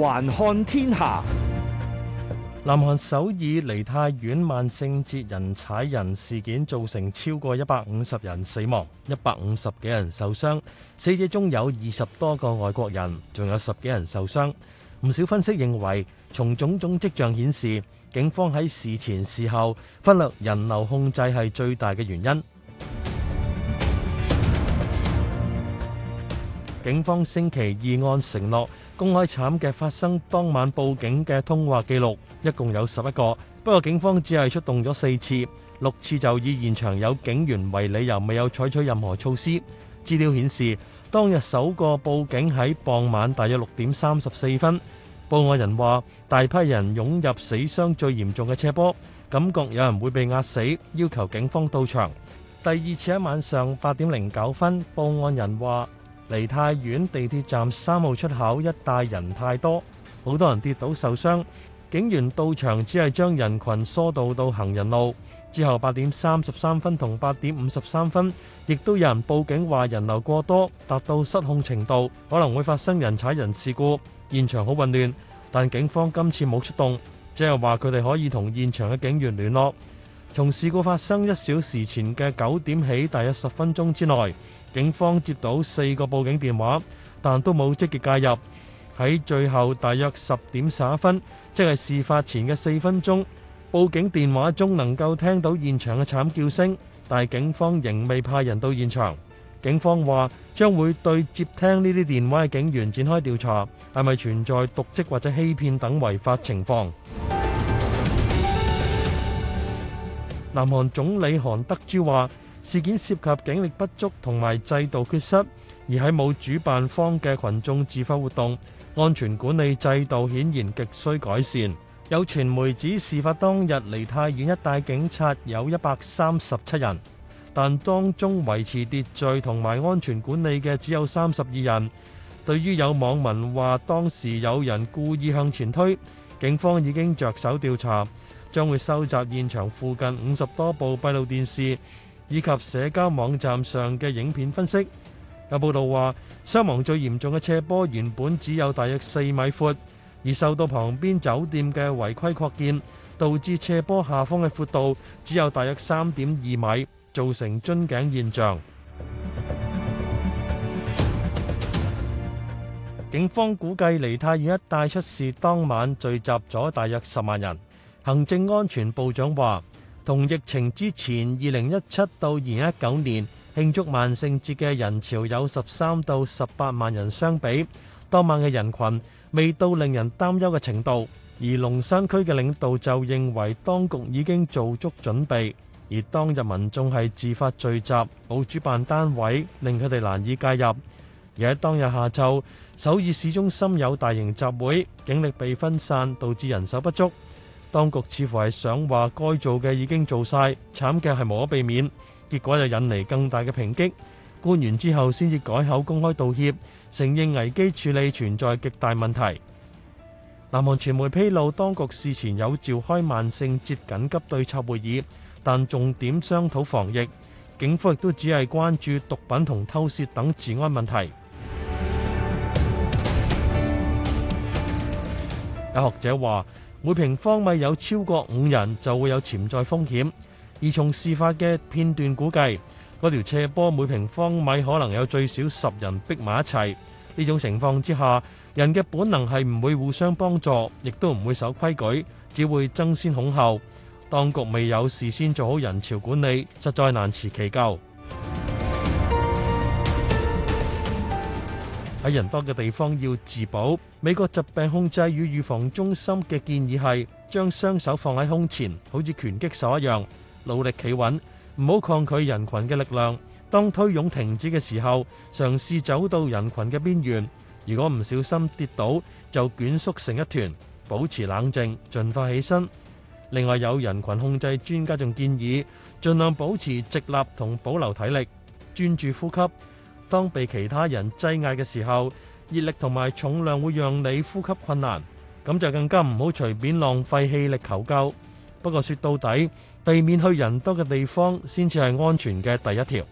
環看天下，南韓首爾梨泰院萬聖節人踩人事件造成超過一百五十人死亡，一百五十幾人受傷，死者中有二十多個外國人，仲有十幾人受傷。唔少分析認為，從種種跡象顯示，警方喺事前事後忽略人流控制係最大嘅原因。警方星期二按承諾公開慘劇發生當晚報警嘅通話記錄一共有十一個。不過警方只係出動咗四次，六次就以現場有警員為理由，未有採取任何措施。資料顯示，當日首個報警喺傍晚大約六點三十四分，報案人話大批人湧入死傷最嚴重嘅斜坡，感覺有人會被壓死，要求警方到場。第二次喺晚上八點零九分，報案人話，梨泰院地鐵站三號出口一帶人太多，好多人跌倒受傷。警方接到四個報警電話，但都冇積極介入。喺最後大約十點十一分，即係事發前嘅四分鐘，報警電話中能夠聽到現場嘅慘叫聲，但係警方仍未派人到現場。警方話將會對接聽呢啲電話嘅警員展開調查，係咪存在瀆職或者欺騙等違法情況。南韓總理韓德洙話，事件涉及警力不足同埋制度缺失，而喺冇主辦方嘅群眾自發活動，安全管理制度顯然極需改善。有傳媒指事發當日梨泰院一帶警察有一百三十七人，但當中維持秩序同埋安全管理嘅只有三十二人。對於有網民話當時有人故意向前推，警方已經着手調查，將會收集現場附近五十多部閉路電視。以及社交網站上嘅影片分析，有報道話，傷亡最嚴重嘅斜坡原本只有大約四米闊，而受到旁邊酒店嘅違規擴建，導致斜坡下方嘅闊度只有大約三點二米，造成樽頸現象。警方估計梨泰院一帶出事當晚聚集咗大約十萬人。行政安全部長話，同疫情之前2017到2019年慶祝萬聖節嘅人潮有13到18萬人相比，當晚嘅人群未到令人擔憂嘅程度。而龍山區嘅領導就認為當局已經做足準備，而當日民眾係自發聚集，冇主辦單位令佢哋難以介入。而喺當日下晝，首爾市中心有大型集會，警力被分散，導致人手不足。當局似乎係想話該做嘅已經做晒，慘嘅係無可避免，結果就引嚟更大嘅抨擊。官員之後先至改口公開道歉，承認危機處理存在極大問題。南韓傳媒披露，當局事前有召開萬聖節緊急對策會議，但重點商討防疫，警方亦都只係關注毒品同偷竊等治安問題。有 學者話。每平方米有超過五人就會有潛在風險，而從事發嘅片段估計，嗰條斜坡每平方米可能有最少十人逼埋一齊。呢種情況之下，人嘅本能係唔會互相幫助，亦都唔會守規矩，只會爭先恐後。當局未有事先做好人潮管理，實在難辭其咎。喺人多嘅地方要自保。美國疾病控制與預防中心嘅建議係將雙手放喺胸前，好似拳擊手一樣，努力企穩，唔好抗拒人群嘅力量。當推湧停止嘅時候，嘗試走到人群嘅邊緣，如果唔小心跌倒，就捲縮成一團，保持冷靜，盡快起身。另外，有人群控制專家仲建議，盡量保持直立同保留體力，專注呼吸。當被其他人擠壓嘅時候，熱力同埋重量會讓你呼吸困難，咁就更加唔好隨便浪費氣力求救。不過，說到底，避免去人多嘅地方先至係安全嘅第一條。